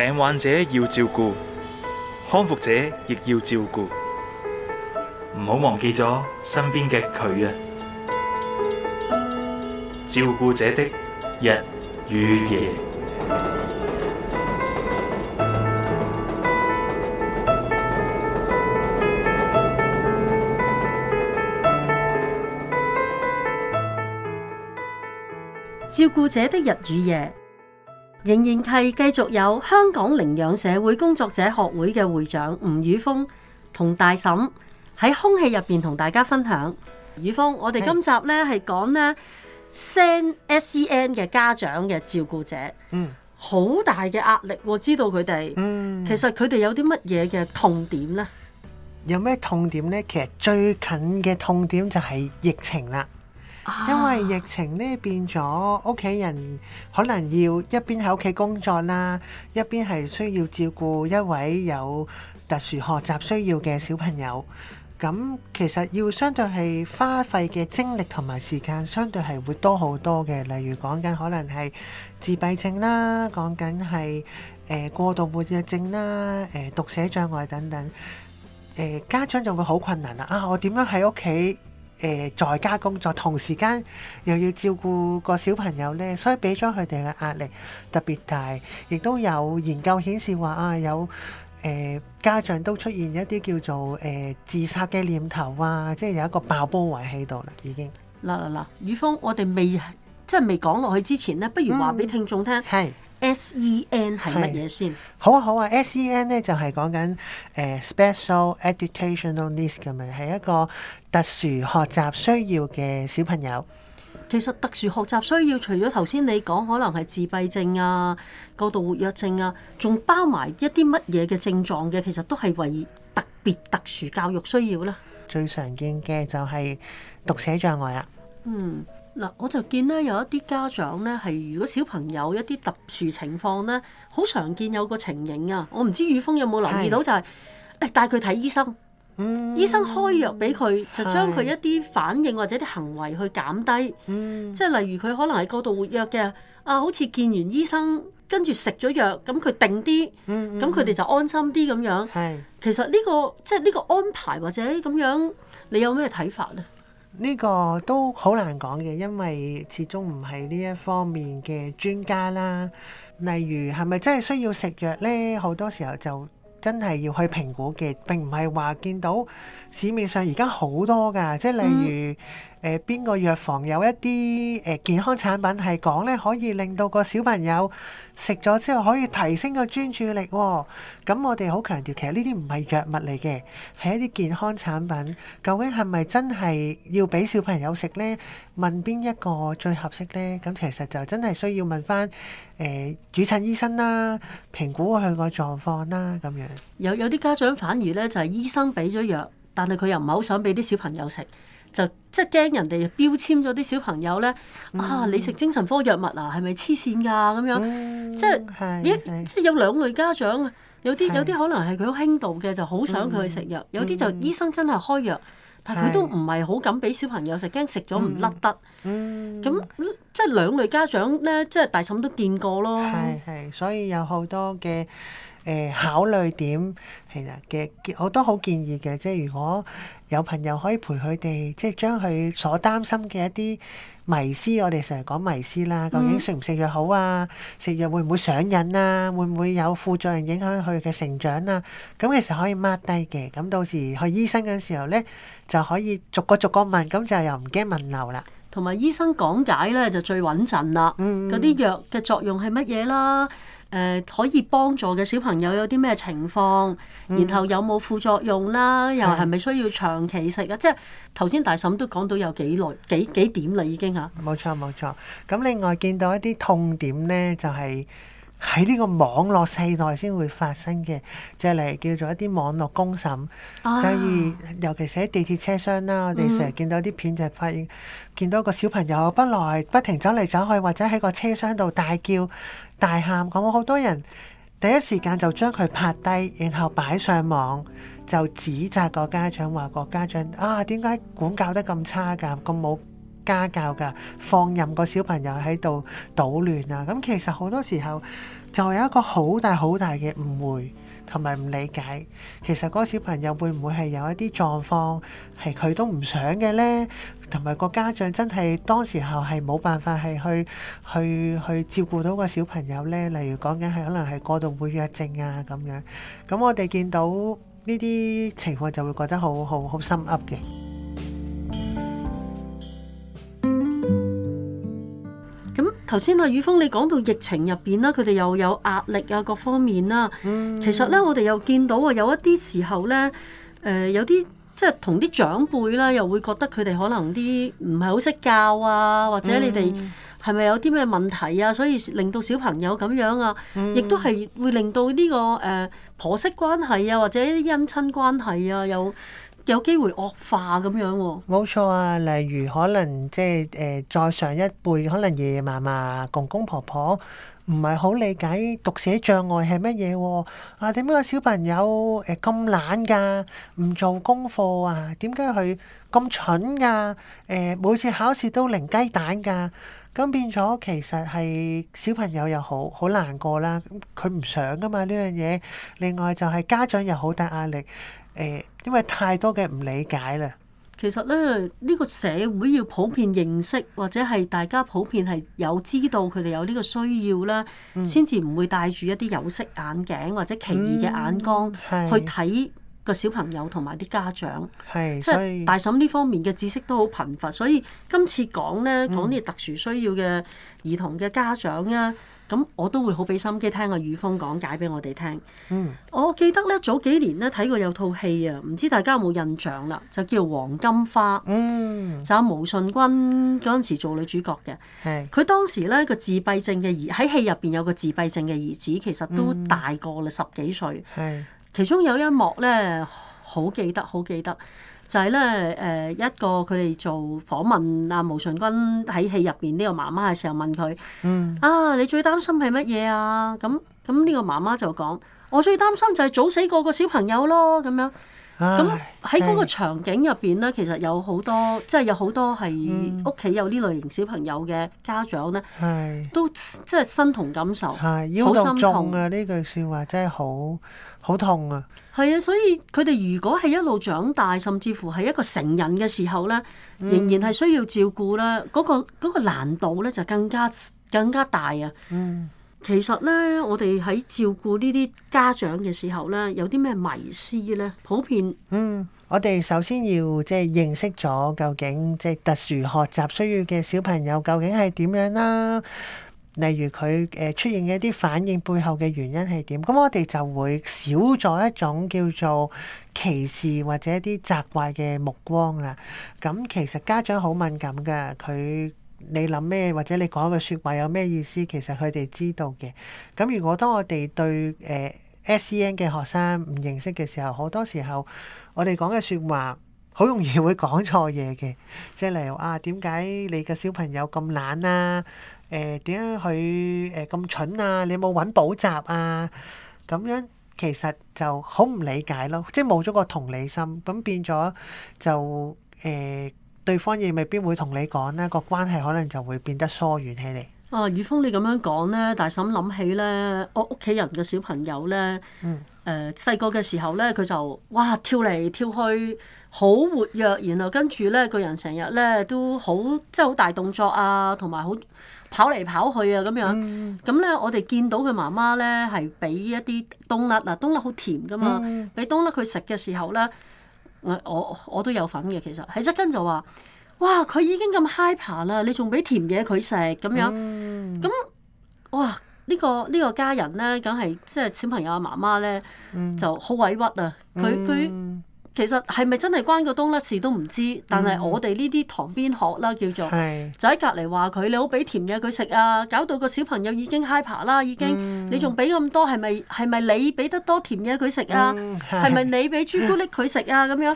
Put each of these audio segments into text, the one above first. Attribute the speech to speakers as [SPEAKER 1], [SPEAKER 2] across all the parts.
[SPEAKER 1] 病患者要照顧，康復者亦要照顧，唔好忘記咗身邊嘅佢呀！照顧者的日與夜，
[SPEAKER 2] 照顧者的日與夜。仍然係繼續有香港領養社會工作者學會嘅會長吳宇峰同大嬸喺空氣入邊同大家分享。吳宇峰，我哋今集咧係講咧 SEN 嘅家長嘅照顧者，嗯，好大嘅壓力，我知道佢哋，嗯，其實佢哋
[SPEAKER 1] 有啲乜嘢嘅痛點呢？有咩痛點呢？其實最近嘅痛點就係疫情啦。因為疫情呢，變咗，屋企人可能要一邊喺屋企工作啦，一邊係需要照顧一位有特殊學習需要嘅小朋友。咁其實要相對係花費嘅精力同埋時間，相對係會多好多嘅。例如講緊可能係自閉症啦，講緊係誒過度活躍症啦，誒讀寫障礙等等。家長就會好困難啦！啊，我點樣喺屋企，誒在家工作，同時間又要照顧個小朋友呢，所以俾咗佢哋嘅壓力特別大，亦都有研究顯示話啊，有誒、呃、家長都出現一啲叫做誒、呃、自殺嘅念頭啊，即係有一個爆煲位喺度啦，已經。
[SPEAKER 2] 嗱嗱嗱，宇峰，我哋未即係未講落去之前呢，不如話俾
[SPEAKER 1] 聽眾聽。嗯，係。SEN 係乜嘢先？好啊好啊，SEN 咧就係、是、講緊、呃、Special Educational Needs 咁樣，係一個特殊學習需要嘅小朋友。其實特殊學習需要除咗頭先你講
[SPEAKER 2] 可能係自閉症啊、過度活躍症啊，仲包埋一啲乜嘢嘅症
[SPEAKER 1] 狀嘅，其實都係為特別特殊教育需要啦。最常見嘅就係讀寫障礙啦、啊。嗯。
[SPEAKER 2] 嗱，我就見咧有一啲家長咧係，如果小朋友一啲特殊情況咧，好常見有個情形啊。我唔知宇峰有冇留意到就係誒，帶佢睇醫生，是的 醫生開藥俾佢，就將佢一啲反應或者啲行為去減低。是的 即係例如佢可能係過度活躍嘅，啊，好似見完醫生跟住食咗藥，咁佢定啲，嗯，咁佢哋就安心啲咁樣。係，其實呢個即係呢個安排或者咁樣，你有咩睇法咧？
[SPEAKER 1] 呢個都好難講嘅，因為始終唔係呢一方面嘅專家啦。例如係咪真係需要食藥呢？好多時候就真係要去評估嘅，並唔係話見到市面上而家好多噶，即係例如，嗯誒邊、呃、個藥房有一啲誒、欸、健康產品係講咧，可以令到個小朋友食咗之後可以提升個專注力，哦。咁我哋好強調，其實呢啲唔係藥物嚟嘅，係一啲健康產品。究竟係咪真係要俾小朋友食呢？問邊一個最合適呢？咁其實就真係需要問翻誒、欸、主診醫生啦，評估佢個狀況啦，咁樣有。
[SPEAKER 2] 有有啲家長反而咧就係醫生俾咗藥，但係佢又唔係好想俾啲小朋友食。就即係驚人哋標籤咗啲小朋友咧，嗯、啊！你食精神科藥物啊，係咪黐線噶咁樣？嗯、即係，咦？即係有兩類家長，有啲是有啲可能係佢好輕度嘅，就好想佢去食藥；有啲就醫生真係開藥，嗯、但係佢都唔係好敢俾小朋友食，驚食咗唔甩得。咁即係兩類家長咧，即係大嬸都見過咯。係係，
[SPEAKER 1] 所以有好多嘅。誒考慮點係啦嘅，我都好建議嘅，即係如果有朋友可以陪佢哋，即係將佢所擔心嘅一啲迷思，我哋成日講迷思啦，究竟食唔食藥好啊？食藥會唔會上癮啊？會唔會有副作用影響佢嘅成長啊？咁其實可以 mark 低嘅，咁到時去醫生嘅時候呢，就可以逐個逐個問，咁就又唔驚問漏啦。
[SPEAKER 2] 同埋醫生講解呢，就最穩陣啦，嗰啲、嗯、藥嘅作用係乜嘢啦？誒、呃、可以幫助嘅小朋友有啲咩情況？嗯、然後有冇副作用啦？又係咪需要長期食啊？嗯、即係頭先大
[SPEAKER 1] 嬸都講到有幾耐、幾幾點啦，已經嚇。冇錯，冇錯。咁另外見到一啲痛點咧，就係、係。喺呢個網絡世代先會發生嘅。即係嚟叫做一啲網絡公審。
[SPEAKER 2] 啊、所以
[SPEAKER 1] 尤其是喺地鐵車廂啦，我哋成日見到啲片就係發現，見到個小朋友不耐不停走嚟走去，或者喺個車廂度大叫大喊，咁好多人第一時間就將佢拍低，然後擺上網就指責個家長，話個家長啊點解管教得咁差㗎咁冇？家教噶，放任個小朋友喺度搗亂啊！咁其實好多時候就有一個好大好大嘅誤會同埋唔理解。其實嗰個小朋友會唔會係有一啲狀況係佢都唔想嘅呢？同埋個家長真係當時候係冇辦法係去去去照顧到個小朋友呢。例如講緊係可能係過度活躍症啊咁樣。咁我哋見到呢啲情況就會覺得好好好心噏嘅。頭先阿宇峰，
[SPEAKER 2] 你講到疫情入邊啦，佢哋又有壓力啊，各方面啦、啊。嗯、其實咧，我哋又見到啊，有一啲時候咧，誒、呃、有啲即係同啲長輩啦，又會覺得佢哋可能啲唔係好識教啊，或者你哋係咪有啲咩問題啊？所以令到小朋友咁樣啊，亦、嗯、都係會令到呢個誒、呃、婆媳關係啊，或者姻親關係啊，又有機會惡化咁樣喎，
[SPEAKER 1] 冇錯啊！例如可能即係誒，再上一輩，可能爺爺嫲嫲、公公婆婆唔係好理解讀寫障礙係乜嘢喎？啊，點解個小朋友誒咁懶㗎、啊？唔做功課啊？點解佢咁蠢㗎、啊？誒、呃，每次考試都零雞蛋㗎？咁變咗其實係小朋友又好好難過啦。佢唔想㗎嘛呢樣嘢。另外就係家長又好大壓力。誒，因為太多嘅唔理解啦。其實咧，呢、
[SPEAKER 2] 這個社會要普遍認識，或者係大家普遍係有知道佢哋有呢個需要啦，先至唔會戴住一啲有色眼鏡或者歧異嘅眼光、嗯、去睇個小朋友同埋啲家長。
[SPEAKER 1] 係，即係
[SPEAKER 2] 大嬸呢方面嘅知識都好貧乏，所以今次講咧講啲特殊需要嘅兒童嘅家長啊。咁我都會好俾心機聽阿宇峰講解俾我哋聽。我，聽嗯、我記得咧早幾年咧睇過有套戲啊，唔知大家有冇印象啦？就叫《黃金花》，嗯、就阿、啊、毛舜筠嗰陣時做女主角嘅。佢是當時咧個自閉症嘅兒，喺戲入邊有個自閉症嘅兒子，其實都大個啦、嗯、十幾歲。是其中有一幕咧好記得，好記得。就係咧，誒一個佢哋做訪問啊，毛舜筠喺戲入邊呢個媽媽嘅時候問佢：嗯啊，你最擔心係乜嘢啊？咁咁呢個媽媽就講：我最擔心就係早死過個小朋友咯。咁樣
[SPEAKER 1] 咁喺嗰個
[SPEAKER 2] 場景入邊咧，就是、其實有好多即係、就是、有好多係屋企有呢類型小朋友嘅家長咧，嗯、都即係身同感受，好心痛
[SPEAKER 1] 啊！呢句説話真係好。好痛啊！
[SPEAKER 2] 係啊，所以佢哋如果係一路長大，甚至乎係一個成人嘅時候呢，嗯、仍然係需要照顧啦。嗰個嗰個難度呢就更加更加大啊！嗯，其實呢，我哋喺照顧呢啲家長嘅時候呢，有啲咩迷思呢？
[SPEAKER 1] 普遍嗯，我哋首先要即係認識咗究竟即係特殊學習需要嘅小朋友究竟係點樣啦。例如佢誒出現嘅一啲反應背後嘅原因係點？咁我哋就會少咗一種叫做歧視或者一啲責怪嘅目光啦。咁其實家長好敏感㗎，佢你諗咩或者你講嘅説話有咩意思？其實佢哋知道嘅。咁如果當我哋對誒 SEN 嘅學生唔認識嘅時候，好多時候我哋講嘅説話，好容易會講錯嘢嘅，即係例如啊，點解你嘅小朋友咁懶啊？誒，點解佢誒咁蠢啊？你有冇揾補習啊？咁樣其實就好唔理解咯，即係冇咗個同理心，咁變咗就誒對方亦未必會同你講咧，個關係可能就會變得疏遠起嚟。
[SPEAKER 2] 啊，宇峯你咁樣講咧，大嫂諗起咧，我屋企人嘅小朋友咧。嗯。誒細個嘅時候咧，佢就哇跳嚟跳去，好活躍。然後跟住咧，個人成日咧都好，即係好大動作啊，同埋好跑嚟跑去啊咁樣。咁咧、嗯，我哋見到佢媽媽咧係俾一啲冬甩嗱，冬甩好甜噶嘛，俾、嗯、冬甩佢食嘅時候咧，我我我都有份嘅。其實喺側根就話：哇！佢已經咁 hyper 啦，你仲俾甜嘢佢食咁樣？咁、嗯嗯、哇！哇呢個呢個家人咧，梗係即係小朋友阿媽媽咧，嗯、就好委屈啊！佢佢、嗯、其實係咪真係關個當甩事都唔知，但係我哋呢啲旁邊學啦，叫做是就喺隔籬話佢，你好俾甜嘢佢食啊！搞到個小朋友已經 hyper 啦，已經、嗯、你仲俾咁多，係咪係咪你俾得多甜嘢佢食啊？
[SPEAKER 1] 係咪你
[SPEAKER 2] 俾朱古力佢食啊？咁樣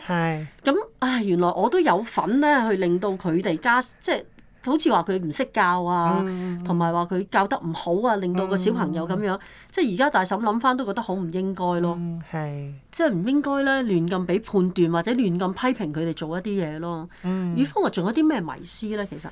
[SPEAKER 2] 咁啊！原來我都有份咧，去令到佢哋家。即係。好似話佢唔識教啊，同埋話佢教得唔好啊，令到個小朋友咁樣，嗯、即係而家大嬸諗翻都覺得好唔應該咯。係、嗯，即係唔應該咧亂咁俾判斷或者亂咁批評佢哋做一啲嘢咯。嗯，與方話仲有啲咩迷思咧？其實，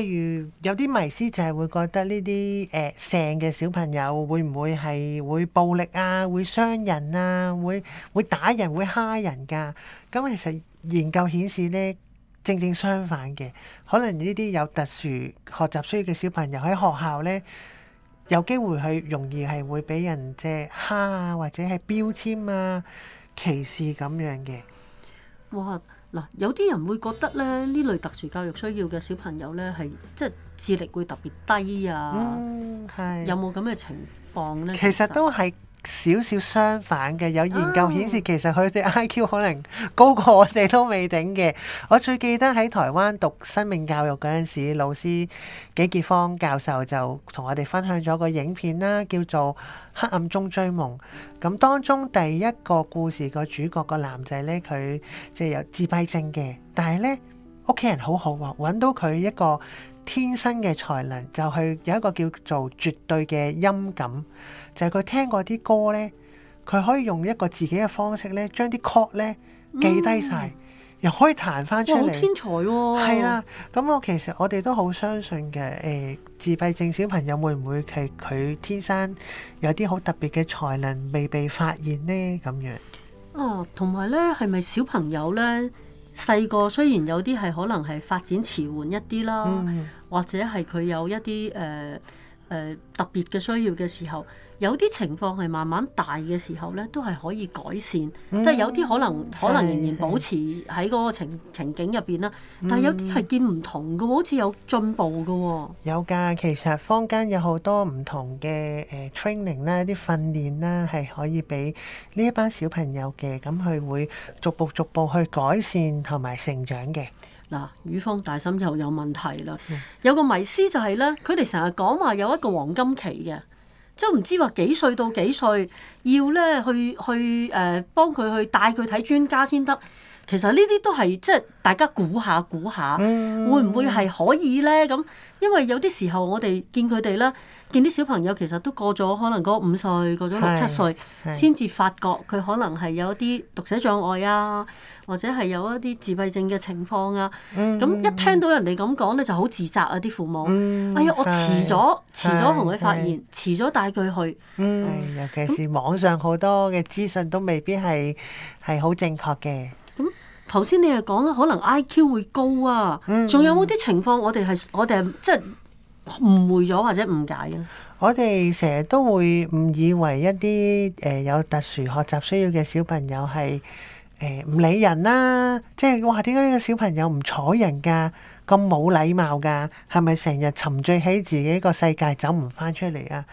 [SPEAKER 1] 例如有啲迷思就係會覺得呢啲誒成嘅小朋友會唔會係會暴力啊，會傷人啊，會會打人會蝦人㗎。咁其實研究顯示咧。正正相反嘅，可能呢啲有特殊學習需要嘅小朋友喺學校咧，有機會去容易係會俾人即蝦啊，或者係標籤啊、歧視咁樣嘅。哇！嗱，有啲人會覺得
[SPEAKER 2] 咧，呢類特殊教育需要嘅小朋友咧，係即係智力會特別低啊。嗯，係。有冇咁嘅情
[SPEAKER 1] 況咧？其實都係。少少相反嘅，有研究顯示其實佢哋 IQ 可能高過我哋都未定嘅。我最記得喺台灣讀生命教育嗰陣時，老師紀傑芳教授就同我哋分享咗個影片啦，叫做《黑暗中追夢》。咁當中第一個故事個主角個男仔呢，佢即係有自閉症嘅，但係呢屋企人好好、啊、喎，揾到佢一個。天生嘅才能就係有一個叫做絕對嘅音感，就係、是、佢聽過啲歌呢，佢可以用一個自己嘅方式呢，將啲曲呢記低晒，嗯、又可以彈翻出嚟。哇！天才喎、啊，係啦、啊。咁我其實我哋都好相信嘅，誒、欸、自閉症小朋友會唔會係佢天生有啲好特別嘅才能未被發現呢？咁樣。
[SPEAKER 2] 哦、啊，同埋呢，係咪小朋友呢？細個雖然有啲係可能係發展遲緩一啲啦，mm hmm。或者係佢有一啲誒誒特別嘅需要嘅時候。有啲情況係慢慢大嘅時候咧，都係可以改善，但係、嗯、有啲可能可能仍然保持喺嗰個情、嗯、情景入邊啦。但係有
[SPEAKER 1] 啲係見唔同嘅喎，嗯、好似有進步嘅喎、哦。有㗎，其實坊間有好多唔同嘅誒 training 啦，啲、呃、訓練啦，係可以俾呢一班小朋友嘅，咁佢會逐步逐步去改善同埋成長嘅。嗱，
[SPEAKER 2] 語方大心又有問題啦，嗯、有個迷思就係咧，佢哋成日講話有一個黃金期嘅。即唔知話幾歲到幾歲，要咧去去誒幫佢去帶佢睇專家先得。其實呢啲都係即係大家估下估下，會唔會係可以呢？咁因為有啲時候我哋見佢哋啦，見啲小朋友其實都過咗可能嗰五歲，過咗六七歲，先至發覺佢可能係有一啲讀寫障礙啊，或者係有一啲自閉症嘅情況啊。咁一聽到人哋咁講咧，就好自責啊！啲父母，哎呀，我遲咗遲咗同佢發現，
[SPEAKER 1] 遲咗帶佢去。尤其是網上好多嘅資訊都未必係係好正確嘅。
[SPEAKER 2] 頭先你係講啊，可能 IQ 會高啊，仲、嗯、有冇啲情況我哋係、嗯、我哋即係誤會咗或者誤解啊？
[SPEAKER 1] 我哋成日都會誤以為一啲誒有特殊學習需要嘅小朋友係唔理人啦、啊，即、就、係、是、哇，點解呢個小朋友唔睬人㗎，咁冇禮貌㗎？係咪成日沉醉喺自己個世界走唔翻出嚟啊？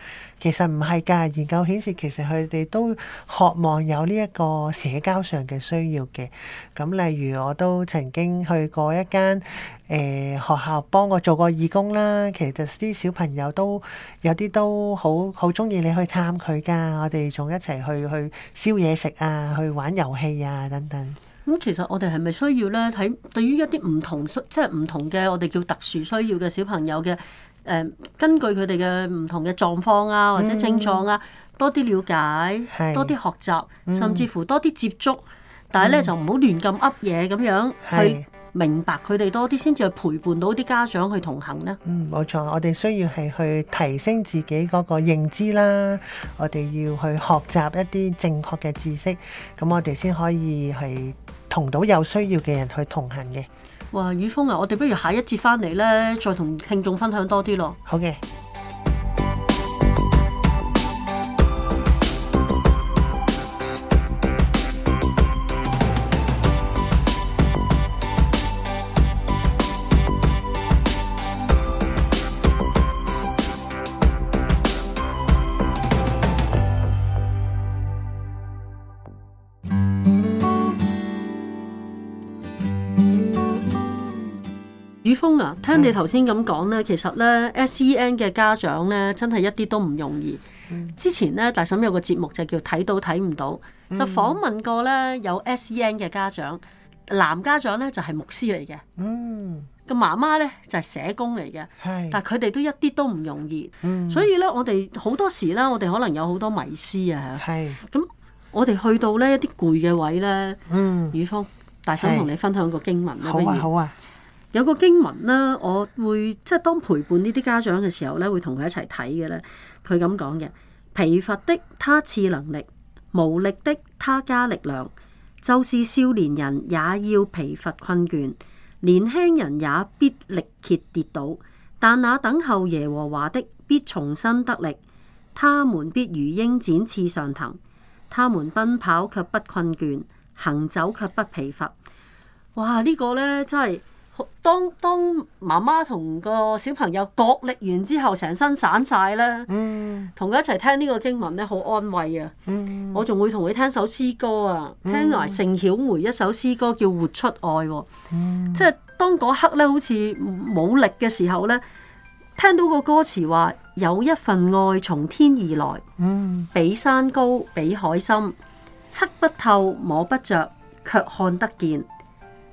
[SPEAKER 1] 其實唔係㗎，研究顯示其實佢哋都渴望有呢一個社交上嘅需要嘅。咁例如，我都曾經去過一間誒、呃、學校幫我做過義工啦。其實啲小朋友都有啲都好好鍾意你去探佢㗎。我哋仲一齊去去燒嘢食啊，去玩遊戲啊等等。
[SPEAKER 2] 咁、嗯、其實我哋係咪需要咧睇對於一啲唔同需即係唔同嘅我哋叫特殊需要嘅小朋友嘅？根據佢哋嘅唔同嘅狀況啊，或者症狀啊，嗯、多啲了解，是多啲學習，嗯、甚至乎多啲接觸，嗯、但係咧就唔好亂咁噏嘢咁樣是去明白佢哋多啲，先至去陪伴到啲家長去同行呢。嗯，
[SPEAKER 1] 冇錯，我哋需要係去提升自己嗰個認知啦，我哋要去學習一啲正確嘅知識，咁我哋先可以係同到有需要嘅人去同行嘅。
[SPEAKER 2] 哇，雨風啊，我哋不如下一節翻嚟呢，再同聽眾分享多啲咯。好嘅。雨峰啊，聽你頭先咁講咧，其實咧 SEN 嘅家長咧真係一啲都唔容易。之前咧大嬸有個節目就叫睇到睇唔到，就訪問過咧有 SEN 嘅家長，男家長咧就係牧師嚟嘅，嗯，個媽媽咧就係社工嚟嘅，但係佢哋都一啲都唔容易，所以咧我哋好多時咧我哋可能有好多迷思啊，係，咁我哋去到咧一啲攰嘅位咧，嗯，雨峰，大嬸同你分享個經文啦，好好啊。有個經文咧，我會即係當陪伴呢啲家長嘅時候呢，會同佢一齊睇嘅呢，佢咁講嘅疲乏的他，次能力無力的他加力量，就是少年人也要疲乏困倦，年輕人也必力竭跌倒。但那等候耶和華的必重新得力，他們必如鷹展翅上騰，他們奔跑卻不困倦，行走卻不疲乏。哇！呢、這個呢，真係～當當媽媽同個小朋友角力完之後，成身散晒啦，同佢，嗯、一齊聽呢個經文咧，好安慰啊！嗯、我仲會同佢聽首詩歌啊，嗯、聽埋盛曉梅一首詩歌叫《活出愛》啊，嗯、即係當嗰刻咧，好似冇力嘅時候咧，聽到個歌詞話有一份愛從天而來，比山高比海深，測不透摸不着，卻看得見。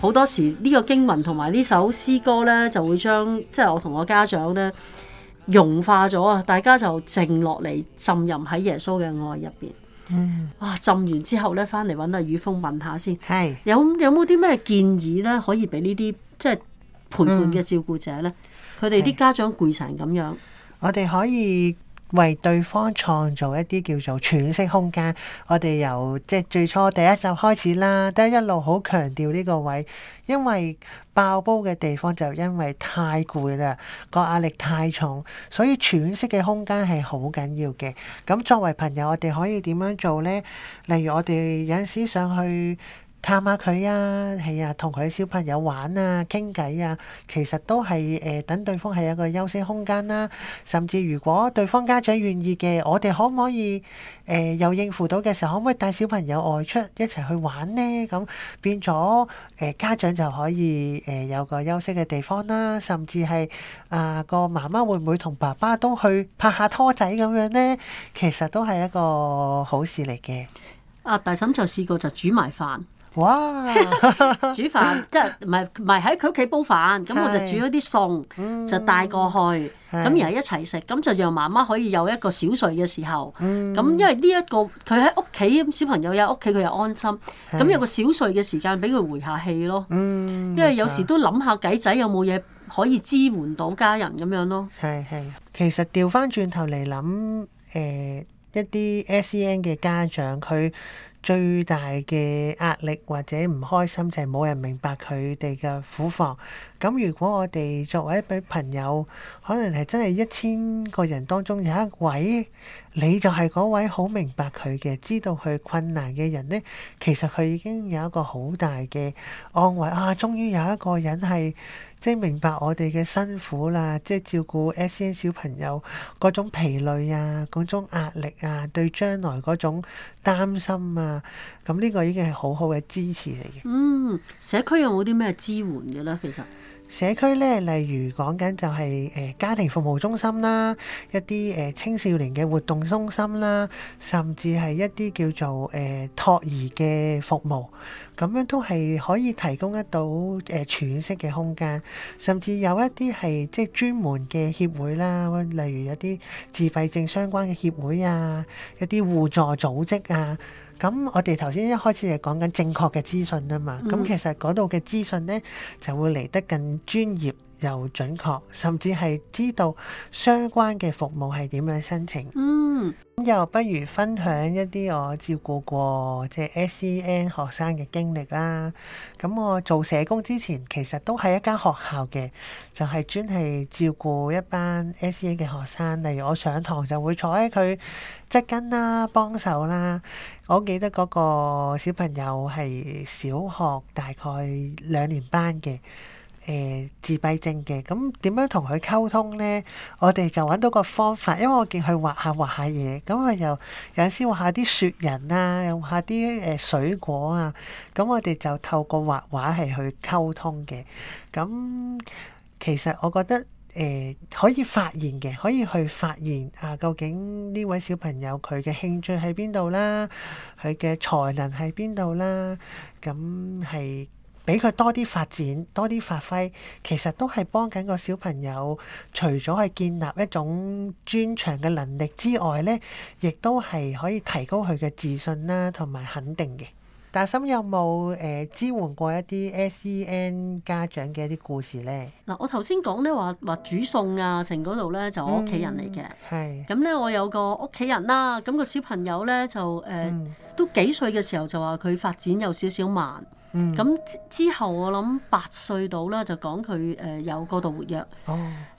[SPEAKER 2] 好多時呢個經文同埋呢首詩歌咧，就會將即係我同我家長咧融化咗啊！大家就靜落嚟浸淫喺耶穌嘅愛入邊。嗯，哇、啊！浸完之後咧，翻嚟揾阿雨峰問下先。係是有有冇啲咩建議咧，可以俾呢啲即係陪伴嘅照顧者咧？
[SPEAKER 1] 佢哋啲家長攰成咁樣，我哋可以。為對方創造一啲叫做喘息空間。我哋由即係最初第一集開始啦，都一路好強調呢個位，因為爆煲嘅地方就因為太攰啦，個壓力太重，所以喘息嘅空間係好緊要嘅。咁作為朋友，我哋可以點樣做呢？例如我哋有陣時上去。探下佢啊，係啊，同佢小朋友玩啊，傾偈啊，其實都係誒、呃、等對方係有個休息空間啦。甚至如果對方家長願意嘅，我哋可唔可以誒、呃、又應付到嘅時候，可唔可以帶小朋友外出一齊去玩呢？咁變咗誒、呃、家長就可以誒、呃、有個休息嘅地方啦。甚至係啊、呃、個媽媽會唔會同爸爸都去拍下拖仔咁樣呢？其實都係一個好事嚟嘅。
[SPEAKER 2] 啊，大嬸就試過就煮埋飯。哇！ 煮飯 即係唔係唔係喺佢屋企煲飯，咁我就煮咗啲餸就帶過去，咁是然後一齊食，咁就讓媽媽可以有一個小睡嘅時候。咁是因為呢、這、一個佢喺屋企小朋友有屋企，佢又安心。咁是有個小睡嘅時間俾佢回下氣咯。是因為有時都諗下仔仔有冇嘢可以支援到家人咁樣咯。係
[SPEAKER 1] 係，其實調翻轉頭嚟諗，誒、呃、一啲 SEN 嘅家長佢。最大嘅壓力或者唔開心就係冇人明白佢哋嘅苦況。咁如果我哋作為一位朋友，可能係真係一千個人當中有一位，你就係嗰位好明白佢嘅，知道佢困難嘅人呢。其實佢已經有一個好大嘅安慰啊！終於有一個人係～即係明白我哋嘅辛苦啦，即係照顧 SN 小朋友嗰種疲累啊，嗰種壓力啊，對將來嗰種擔心啊，咁呢個已經係好好嘅支持嚟嘅。嗯，社區有冇
[SPEAKER 2] 啲咩支援嘅咧？其實？
[SPEAKER 1] 社區咧，例如講緊就係、是、誒、呃、家庭服務中心啦，一啲誒、呃、青少年嘅活動中心啦，甚至係一啲叫做誒託、呃、兒嘅服務，咁樣都係可以提供得到誒、呃、喘息嘅空間，甚至有一啲係即係專門嘅協會啦，例如一啲自閉症相關嘅協會啊，一啲互助組織啊。咁我哋頭先一開始就講緊正確嘅資訊啊嘛，咁、嗯、其實嗰度嘅資訊咧就會嚟得更專業。又準確，甚至係知道相關嘅服務係點樣申請。嗯，咁又不如分享一啲我照顧過即係 SEN 學生嘅經歷啦。咁我做社工之前，其實都喺一間學校嘅，就係、是、專係照顧一班 SEN 嘅學生。例如我上堂就會坐喺佢側跟啦，幫手啦。我記得嗰個小朋友係小學大概兩年班嘅。誒自閉症嘅，咁點樣同佢溝通咧？我哋就揾到個方法，因為我見佢畫下畫下嘢，咁佢又有時畫下啲雪人啊，又畫下啲誒水果啊，咁我哋就透過畫畫係去溝通嘅。咁其實我覺得誒、欸、可以發現嘅，可以去發現啊，究竟呢位小朋友佢嘅興趣喺邊度啦，佢嘅才能喺邊度啦，咁係。俾佢多啲發展，多啲發揮，其實都係幫緊個小朋友。除咗係建立一種專長嘅能力之外，呢亦都係可以提高佢嘅自信啦，同埋肯定嘅。大心有冇誒、呃、支援過一啲 SEN 家長嘅一啲故事呢？
[SPEAKER 2] 嗱、嗯，我頭先講呢話話煮餸啊，成嗰度呢，就我屋企人嚟嘅。係。咁呢，我有個屋企人啦。咁個小朋友呢，就誒都幾歲嘅時候就話佢發展有少少慢。咁之、嗯、之後，我諗八歲到啦，就講佢誒有過度活躍。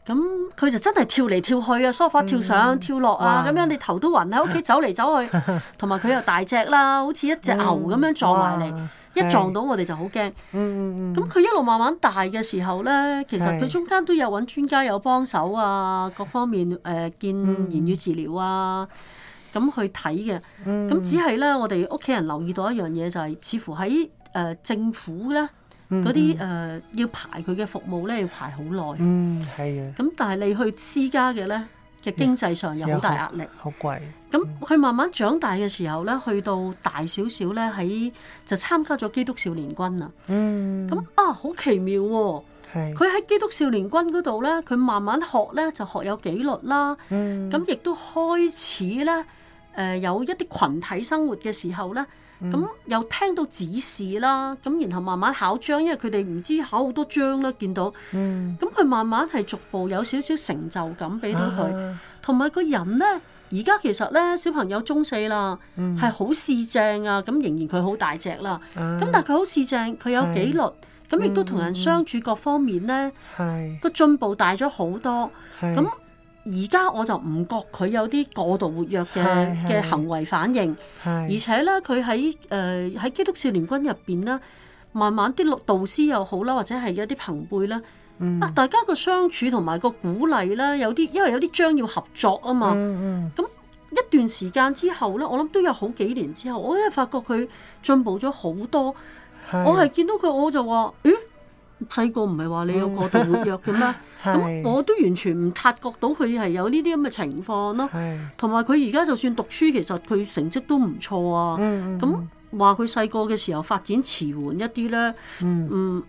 [SPEAKER 2] 咁佢、哦、就真係跳嚟跳去啊，梳化跳上跳落啊，咁樣你頭都暈，喺屋企走嚟走去，同埋佢又大隻啦，嗯、好似一隻牛咁樣撞埋嚟，哇一撞到我哋就好驚。咁佢、嗯嗯、一路慢慢大嘅時候咧，其實佢中間都有揾專家有幫手啊，的各方面誒、呃、見言語治療啊，咁去睇嘅、嗯。嗯，咁只係咧，嗯嗯嗯、我哋屋企人留意到一樣嘢就係、是，似乎喺。誒、呃、政府咧，
[SPEAKER 1] 嗰啲誒
[SPEAKER 2] 要排佢嘅服務咧，要排好耐。嗯，係嘅。咁但係你去私家嘅咧，嘅經濟上有好大壓力。好貴。咁、嗯、佢慢慢長大嘅時候咧，去到大少少咧，喺就參加咗基督少年軍啊。嗯。咁啊，好奇妙喎、哦！係。佢喺基督少年軍嗰度咧，佢慢慢學咧就學有紀律啦。咁亦都開始咧，誒、呃、有一啲群體生活嘅時候咧。咁又聽到指示啦，咁然後慢慢考章，因為佢哋唔知考好多章啦，見到。咁佢慢慢係逐步有少少成就感俾到佢，同埋個人呢，而家其實呢，小朋友中四啦，係好市正啊！咁仍然佢好大隻啦，咁但係佢好市正，佢有紀律，咁亦都同人相處各方面呢，個進步大咗好多，咁。而家我就唔覺佢有啲過度活躍嘅嘅是是 行為反應，是是而且咧佢喺誒喺基督少年軍入邊咧，慢慢啲導師又好啦，或者係一啲朋輩啦，嗯、啊大家個相處同埋個鼓勵啦，有啲因為有啲將要合作啊嘛，咁、嗯嗯、一段時間之後咧，我諗都有好幾年之後，我咧發覺佢進步咗好多，是的 我係見到佢我就話誒。細個唔係話你有過度活躍嘅咩？咁 是我都完全唔察覺到佢係有呢啲咁嘅情況咯。同埋佢而家就算讀書，其實佢成績都唔錯啊。咁話佢細個嘅時候發展遲緩一啲咧，嗯，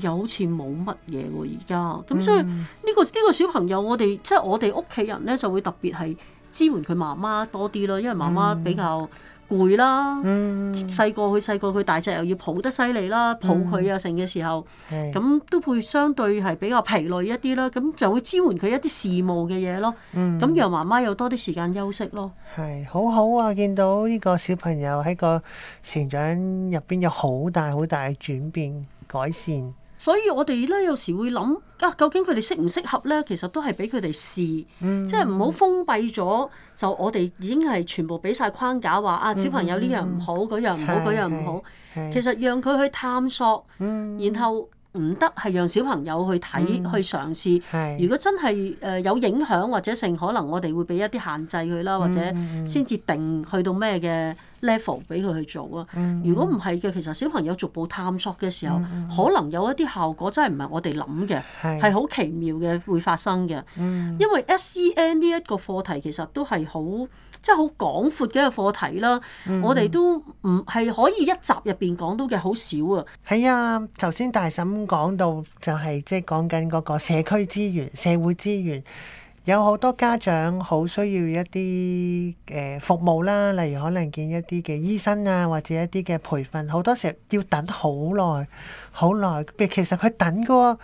[SPEAKER 2] 又、嗯、好似冇乜嘢喎。而家咁所以呢、呢個呢、呢個小朋友我，就是、我哋即係我哋屋企人咧，就會特別係支援佢媽媽多啲咯，因為媽媽比較。嗯嗯攰啦，細個佢細個佢大隻又要抱得犀利啦，抱佢啊、嗯、成嘅時候，咁是都會相對係比較疲累一啲啦，咁就會支援佢一啲事務嘅嘢咯，咁讓媽媽有多啲時間休息咯，
[SPEAKER 1] 係好好啊！見到呢個小朋友喺個成長入邊有好大好大嘅轉變改善。
[SPEAKER 2] 所以我哋咧有時會諗啊，究竟佢哋適唔適合咧？其實都係俾佢哋試，嗯、即係唔好封閉咗。嗯、就我哋已經係全部俾晒框架話、嗯、啊，小朋友呢樣唔好，嗰、嗯、樣唔好，嗰、嗯、樣唔好。嗯、其實讓佢去探索，嗯、然後。唔得係讓小朋友去睇、嗯、去嘗試。是如果真係誒有影響或者性，可能我哋會俾一啲限制佢啦，嗯、或者先至定去到咩嘅 level 俾佢去做啊。嗯、如果唔係嘅，其實小朋友逐步探索嘅時候，嗯、可能有一啲效果真係唔係我哋諗嘅，係好、嗯、奇妙嘅會發生嘅。嗯嗯、因為 SEN 呢一個課題其實都係好。即係好廣闊嘅一個課題啦，嗯、我哋都唔係可以
[SPEAKER 1] 一集入邊講到嘅，好少啊。係啊，頭先大嬸講到就係即係講緊嗰個社區資源、社會資源，有好多家長好需要一啲嘅服務啦，例如可能見一啲嘅醫生啊，或者一啲嘅培訓，好多時候要等好耐、好耐。譬如其實佢等嗰、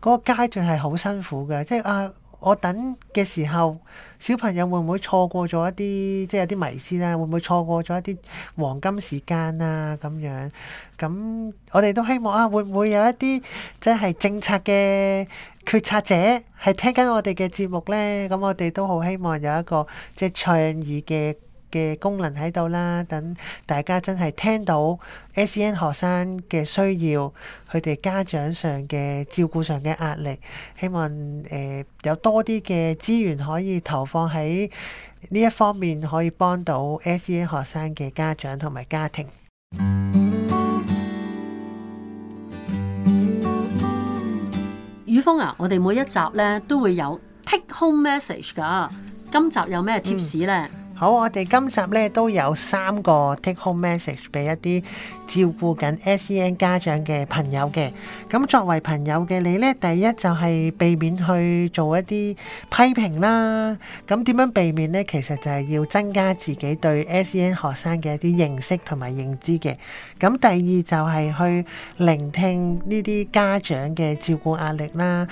[SPEAKER 1] 嗰個階段係好辛苦嘅，即係啊。我等嘅時候，小朋友會唔會錯過咗一啲即係有啲迷思啊？會唔會錯過咗一啲黃金時間啊？咁樣咁，我哋都希望啊，會唔會有一啲即係政策嘅決策者係聽緊我哋嘅節目呢。咁我哋都好希望有一個即係倡議嘅。嘅功能喺度啦，等大家真係聽到 S E N 學生嘅需要，佢哋家長上嘅照顧上嘅壓力，希望誒、呃、有多啲嘅資源可以投放喺呢一方面，可以幫到 S E N 學生嘅家長同埋家庭。
[SPEAKER 2] 雨峰啊，我哋每一集咧都會有 take home message 噶，今集有咩貼士 p 咧？嗯
[SPEAKER 1] 好，我哋今集咧都有三個 take home message 俾一啲照顧緊 SEN 家長嘅朋友嘅。咁作為朋友嘅你咧，第一就係避免去做一啲批評啦。咁點樣避免咧？其實就係要增加自己對 SEN 學生嘅一啲認識同埋認知嘅。咁第二就係去聆聽呢啲家長嘅照顧壓力啦。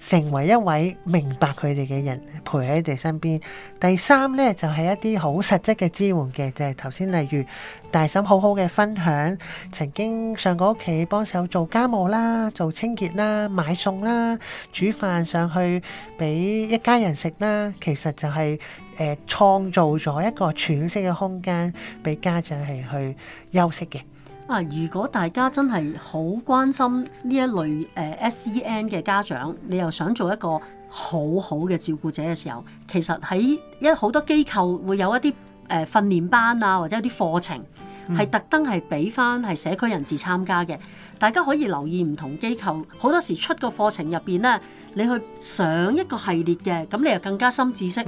[SPEAKER 1] 成為一位明白佢哋嘅人，陪喺佢哋身邊。第三呢，就係一啲好實質嘅支援嘅，就係頭先例如大嬸好好嘅分享，曾經上過屋企幫手做家務啦、做清潔啦、買餸啦、煮飯上去俾一家人食啦，其實就係誒創造咗一個喘息嘅空間俾家長係去休息嘅。
[SPEAKER 2] 啊！如果大家真係好關心呢一類誒 SEN 嘅家長，你又想做一個好好嘅照顧者嘅時候，其實喺一好多機構會有一啲誒、呃、訓練班啊，或者一啲課程係特登係俾翻係社區人士參加嘅。大家可以留意唔同機構，好多時出個課程入邊咧，你去上一個系列嘅，咁你又更加深知識，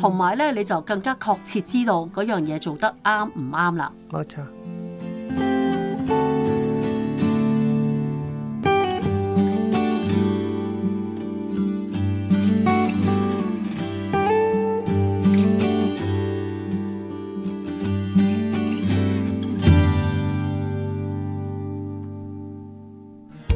[SPEAKER 2] 同埋咧你就更加確切知道嗰樣嘢做得啱唔啱啦。
[SPEAKER 1] 冇錯。